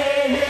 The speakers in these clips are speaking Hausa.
yeah,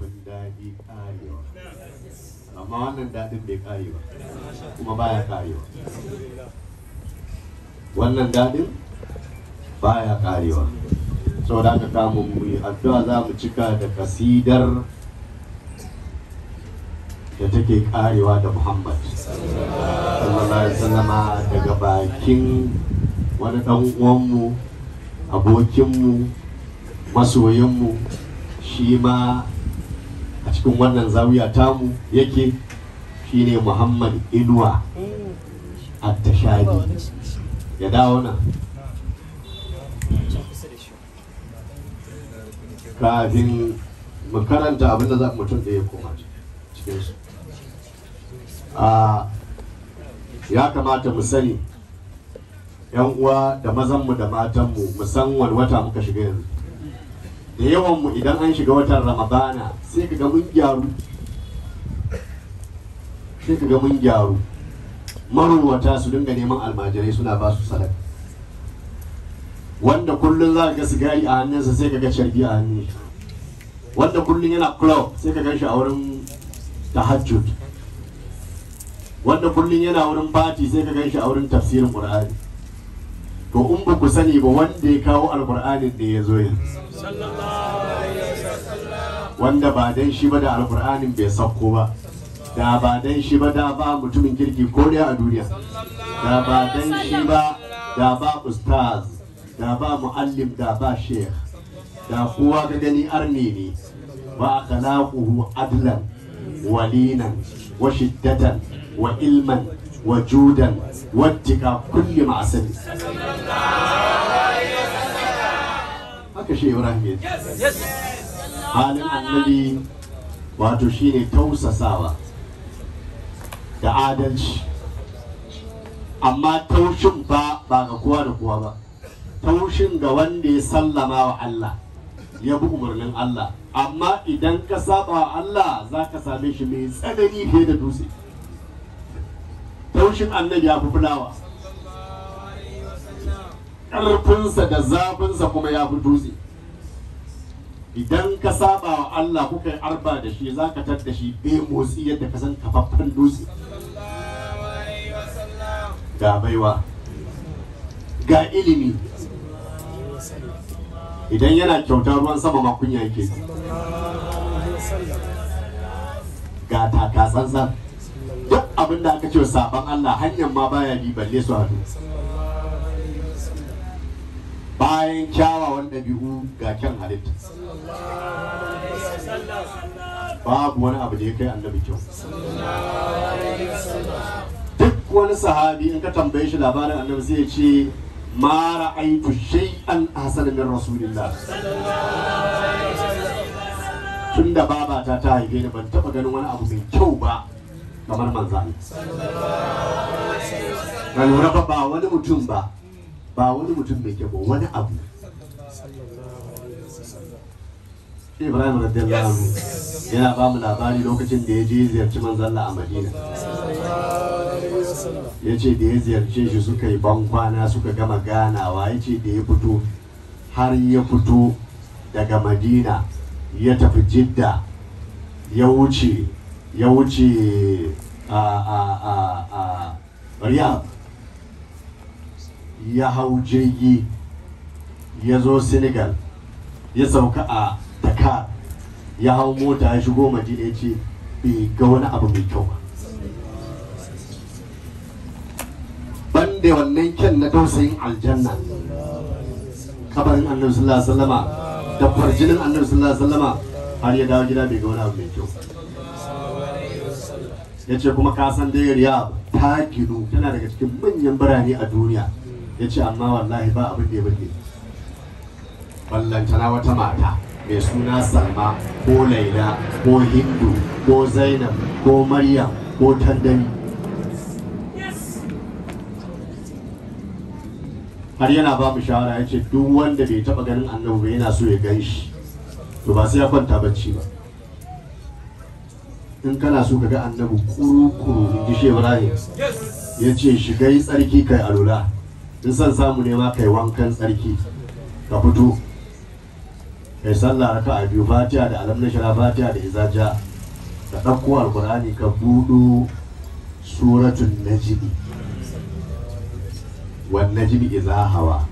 jin daɗi karewa amma wannan dadin bai karewa kuma baya karewa wannan dadin baya karewa sau da haka kamun muyi addu'a za mu cika da kasidar da take karewa da Muhammad sallallahu alaihi wasallama daga bakin wani dan uwanmu abokinmu masoyinmu shi ma a cikin wannan zawiya tamu yake shine muhammad inuwa tashari ya dawo nan kafin mu karanta abin da za mutum da ya koma cikin su ya kamata mu sani yan uwa da mazanmu da matanmu mu san wani wata muka shiga yanzu da yawan mu idan an shiga watan ramadana sai ka ga mun gyaru sai ka ga mun gyaru marowata su dinga neman almajirai suna ba su salak wanda kullum za ka ga sigari a hannunsa sai ka ga sharbi a hannun wanda kullum yana club sai ka ganshi shi a wurin tahajjud wanda kullum yana wurin fati sai ka ganshi shi a wurin tafsirin qur'ani to in ba ku sani ba wanda ya kawo alkur'anin da ya zo yanzu wanda ba dan shi ba da alkur'anin bai sauko ba da ba dan shi ba da ba mutumin kirki ko dai a duniya da ba dan shi ba da ba ustaz da ba muallim da ba sheikh da kowa ga gani arne ne ba kalaquhu adlan walinan wa shiddatan wa ilman وجودا واتقى كل معصيه haka shi ibrahim ya halin annabi wato shine tausasawa da adalci amma taushin ba ba ga kowa da kowa ba taushin ga wanda ya sallama wa Allah ya bi umarnin Allah amma idan ka saba wa Allah za ka same shi mai tsanani fiye da dutse kaushin annabi ya fi fulawa ƙarfinsa da zafinsa kuma ya fi dutse idan ka saba wa Allah kuka yi arba da shi za ka tadda shi bai motsi yadda ka san kafaffen dutse ga baiwa ga ilimi idan yana kyauta ruwan sama makunya yake ga takatsantsan duk abin da aka ce saban Allah hanyar ma baya bi balle su hadu bayan kyawawan ɗabi'u ga kyan halitta babu wani abu da ya kai annabi kyau duk wani sahabi in ka tambaye shi labarin annabi zai ce ma ra'aitu shay'an ahsana min rasulillah tunda babata ta haife ni ban taba ganin wani abu mai kyau ba kamar manzan ka lura ba ba wani mutum ba ba wani mutum mai kyau wani abu ibrahim radiyallahu anhu yana ba mu labari lokacin da ya je ziyarci manzalla a madina ya ce da ya ziyarce shi suka yi bankwana suka gama ganawa ya ce da ya fito har ya fito daga madina ya tafi jidda ya wuce ya wuce a riyadh ya hau jirgi ya zo senegal ya sauka a dakar ya hau mota ya shigo madina ya ce bai ga wani abu mai kyau ba banda wannan kyan na tausayin aljanna kabarin annabi sallallahu alaihi wasallama da farjinin annabi sallallahu alaihi wasallama har ya dawo gida bai ga wani abu mai kyau ya ce kuma kasan dai riyadh ta ginu tana daga cikin manyan birane a duniya ya ce amma wallahi ba abin da ya burge ballantana wata mata mai suna salma ko laila ko hindu ko zainab ko maryam ko tandami har yana ba mu shawara ya ce duk wanda bai taba ganin annabi yana so ya gan to ba sai ya kwanta bacci ba in kana so ka ga annabi kuru-kuru gishe ibrahim ya ce shiga yi tsarki kai alula in san samu ne ma kai wankan tsarki ka fito kai sallah raka a biyu fatiha da alam na shara fatiha da izaja ka ɗauko alkur'ani ka buɗo suratun Najibi wan najmi iza hawa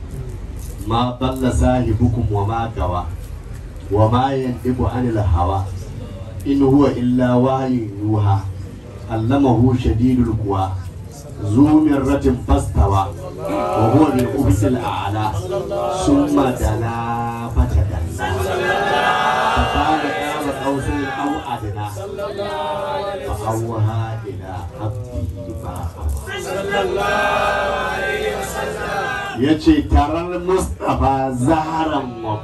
ma dalla sahibukum wa ma gawa wa ma yantiqu anil hawa in huwa illa wahayin yuha allamahu shadidul kuwa, zu ratin fastawa wa huwa bil qubsil a'la summa dala fatadalla faqala qaba qawsin aw adna fa awha ila abdi fa sallallahu alaihi wasallam yace tarar mustafa zaharan wa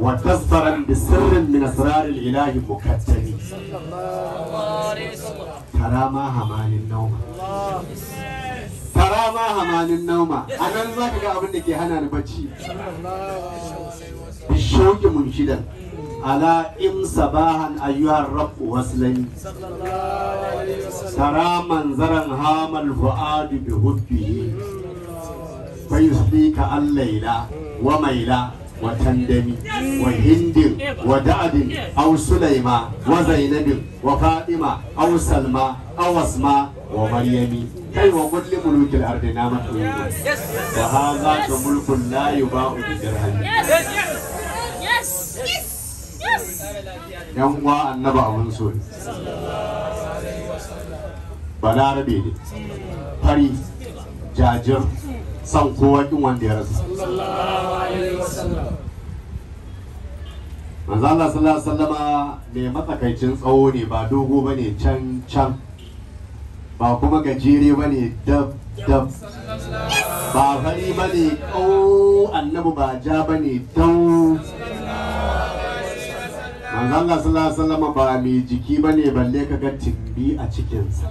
وتصدرا بسر من أسرار الإله مكتم ترى ما همان النوم ترى ما همان النوم أنا ما ذاك قابل لك هنا نبتشي بالشوق منشدا على إم صباحا أيها الرب وصلي ترى منظرا هام الفؤاد بهده فيصليك الليلة وميلا وتندم وهند ودعد أو سليمة وزينب وفاطمة أو سلمى أو أسماء ومريم كي وقل لملوك الأرض نامت وهذا ملك لا يباع بدرهم yan uwa annaba abun so ne balarabe ne fari jajir san kowa kin wanda ya rasa manzo Allah sallallahu alaihi wasallama mai matsakaicin tsawo ne ba dogo bane can can ba kuma gajere bane dab dab ba fari bane kau annabi ba ja bane dau manzo Allah sallallahu alaihi wasallama ba mai jiki bane balle ga timbi a cikinsa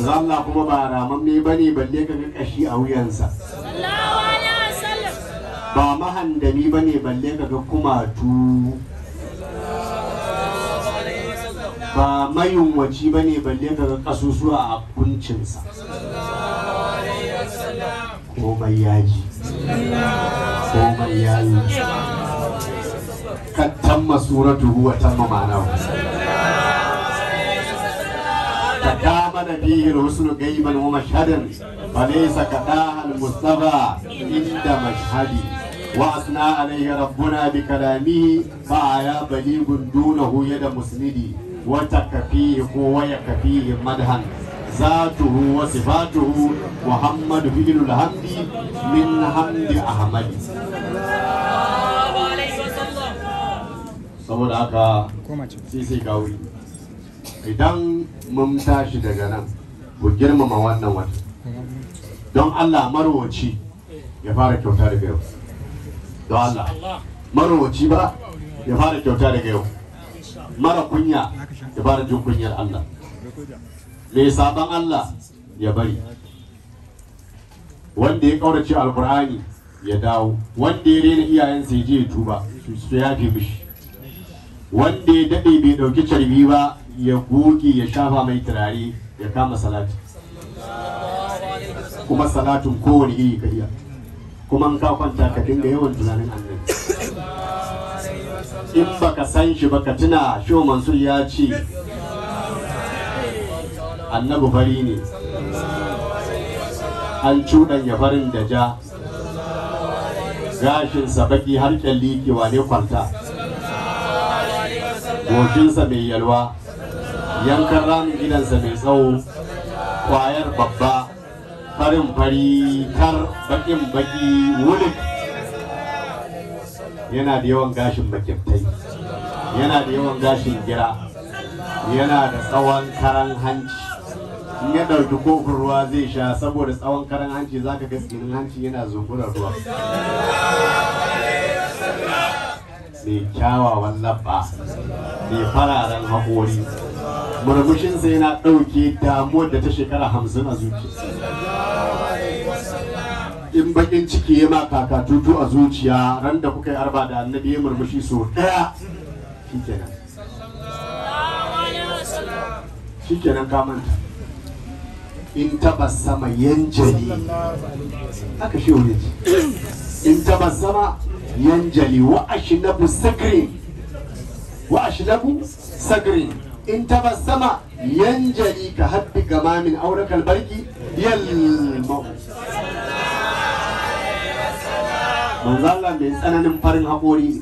manzo Allah kuma ba ramamme bane balle ka ga kashi a wuyansa ba mahandami bane balle ka ga kumatu ba mayunwaci bane balle ka ga kasusuwa a kuncinsa komai yaji komai yaji tamma suratu huwa tamma ma'ana ختام نبيه الحسن غيبا ومشهدا فليس كداها المصطفى عند مشهدي واثنى عليه ربنا بكلامه فعيا بليغ دونه يد مسندي وتكفيه هو يكفيه مدحا ذاته وصفاته محمد بن الحمد من حمد احمد saboda haka sai sai gawi idan mun tashi daga nan ku girmama wannan wata don Allah marowaci ya fara kyauta daga yau don Allah marowaci ba ya fara kyauta daga yau mara kunya ya fara jin kunyar Allah mai sabon Allah ya bari wanda ya ƙaurace alkur'ani ya dawo wanda ya rena iyayensa ya je ya tuba su yafe mishi wanda ya daɗe bai ɗauki carbi ba ya goge ya shafa mai turare ya kama salati kuma salatin kowane iri ka iya kuma in ka kwanta ka dinga yawan tunanin annabi in baka san shi ba ka tuna shehu mansur ya ce annabi fari ne an ya farin da ja gashinsa baki har kyalli ke wane kwanta goshinsa mai yalwa yankan ramin gidansa mai tsawo kwayar babba farin fari kar bakin baki wulik yana da yawan gashin makyaftai yana da yawan gashin gira yana da tsawon karan hanci in ya ɗauki kofin ruwa zai sha saboda tsawon karan hanci za ka gaskinin hanci yana zungurar ruwa mai kyawawan labba mai fararen haƙori zai na ɗauke damuwar da ta shekara hamsin a zuciya. in bakin ciki ya ma kakatutu a zuciya ran da kuka yi arba da annabi ya murmushi so ɗaya shikenan shikenan ka manta in taba sama yan jali haka shi wani in taba sama jali wa bu sakrin wa bu sakrin in tabassama yanjali ka haddi gama min auren barki yalma manzo mai tsananin farin haƙori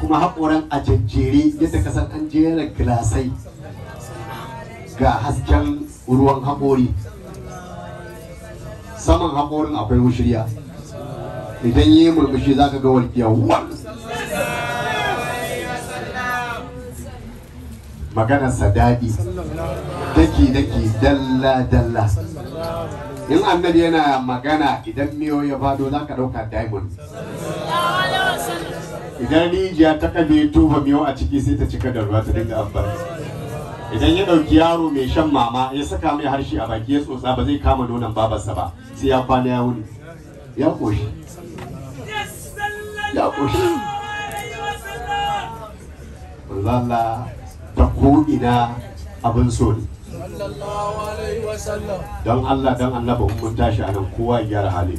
kuma haƙoran a jejjere yadda kasar an jera gilasai ga hasken ruwan haƙori saman haƙorin akwai mushirya idan yi murmushi ka ga walƙiya wani maganarsa daɗi daki-daki dalla-dalla in annabi yana magana idan miyo ya fado za ka ɗauka diamond idan rijiya ta kabe tuba miyo a ciki sai ta cika da ruwa ta dinga amfani idan ya ɗauki yaro mai shan mama ya saka mai harshe a baki ya tsotsa ba zai kama nonon babarsa ba sai ya kwana ya wuni ya ƙoshi ya ƙoshi Allah ta ko'ina abin so ne don Allah don annaba mun tashi a nan kowa ya gyara hali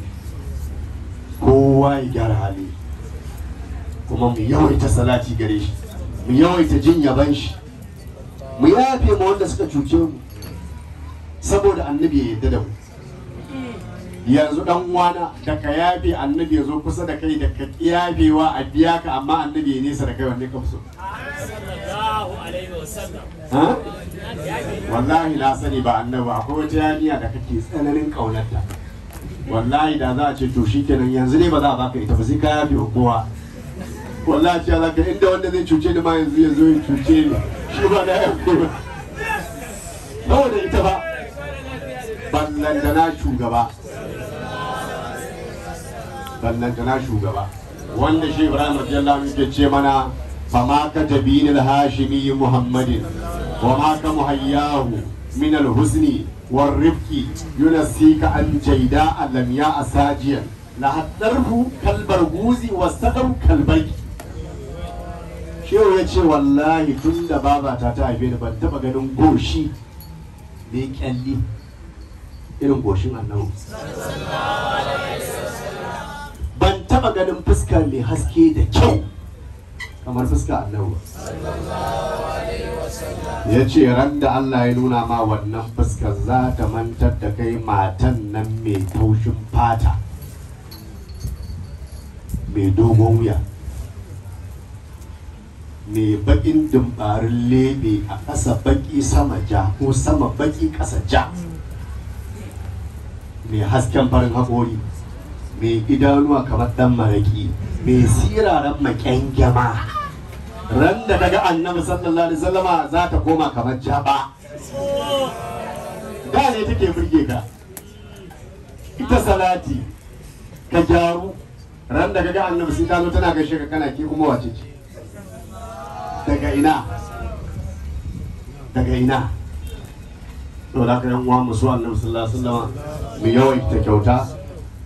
kowa ya gyara hali kuma mu yawaita salati gare shi mu yawaita jin yaban shi mu yafe ma wanda suka cuce mu saboda annabi ya yadda da mu yanzu dan wana da ka yafe annabi ya zo kusa da kai da ka yafewa a biya ka amma annabi ya nesa da kai wanne ka fi so wallahi na sani ba annabi akwai wata yariya da kake tsananin kaunarta wallahi da za a ce to kenan, yanzu ne ba za a baka ita ba sai ka yafe kowa wallahi ce za ka inda wanda zai cuce ni ma yanzu ya zo ya cuce ni shi ba da yafe ba da ita ba ballan da na shugaba ballan da na shugaba wanda shi ibrahim radiyallahu anhu ke ce mana فما كجبين الهاشمي محمد وما كمهياه من الحزن والرفق ينسيك عن جيداء لم يا أساجيا لهدره كالبرغوز والصدر كالبيت shehu ya ce wallahi tun da babata ta haife da ban taba ganin goshi da kyalli irin goshin annabu ban taba ganin fuska mai haske da kyau kamar fuska annabi ba ya ce ran da Allah ya nuna ma wannan fuska za ta mantar da kai matan nan mai taushin fata mai dogon wuya mai bakin dumbarin lebe a ƙasa baki sama ja ko sama baki ƙasa ja mai hasken farin haƙori mai idanuwa kamar ɗan maraƙi mai siraran maƙyan gyama ran da daga annabi sallallahu alaihi Sallama za ta koma kamar jaba da ne take burge ka ita salati ka gyaru ran da daga annabi sai ta zo tana gaishe ka kana ki kuma wace ce daga ina daga ina to da ka yan uwa musu annabi sallallahu alaihi wasallama mu yawaita kyauta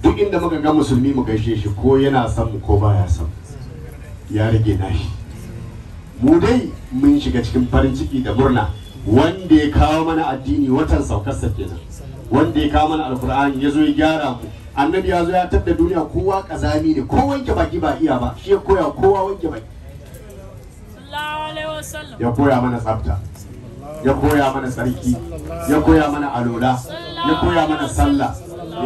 duk inda muka ga musulmi mu gaishe shi ko yana son mu ko baya son ya rage nashi mu dai mun shiga cikin farin ciki da murna wanda ya kawo mana addini watan sa kenan wanda ya kawo mana alkur'ani ya zo ya gyara mu annabi ya zo ya tadda duniya kowa kazami ne ko wanke baki ba iya ba shi ya koya kowa wanke baki ya koya mana tsafta ya koya mana tsarki ya koya mana alola ya koya mana sallah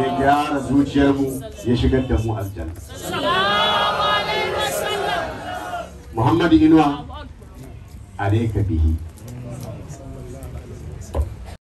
ya gyara zuciyarmu ya shigar da mu aljanna muhammadu inuwa alaika bihi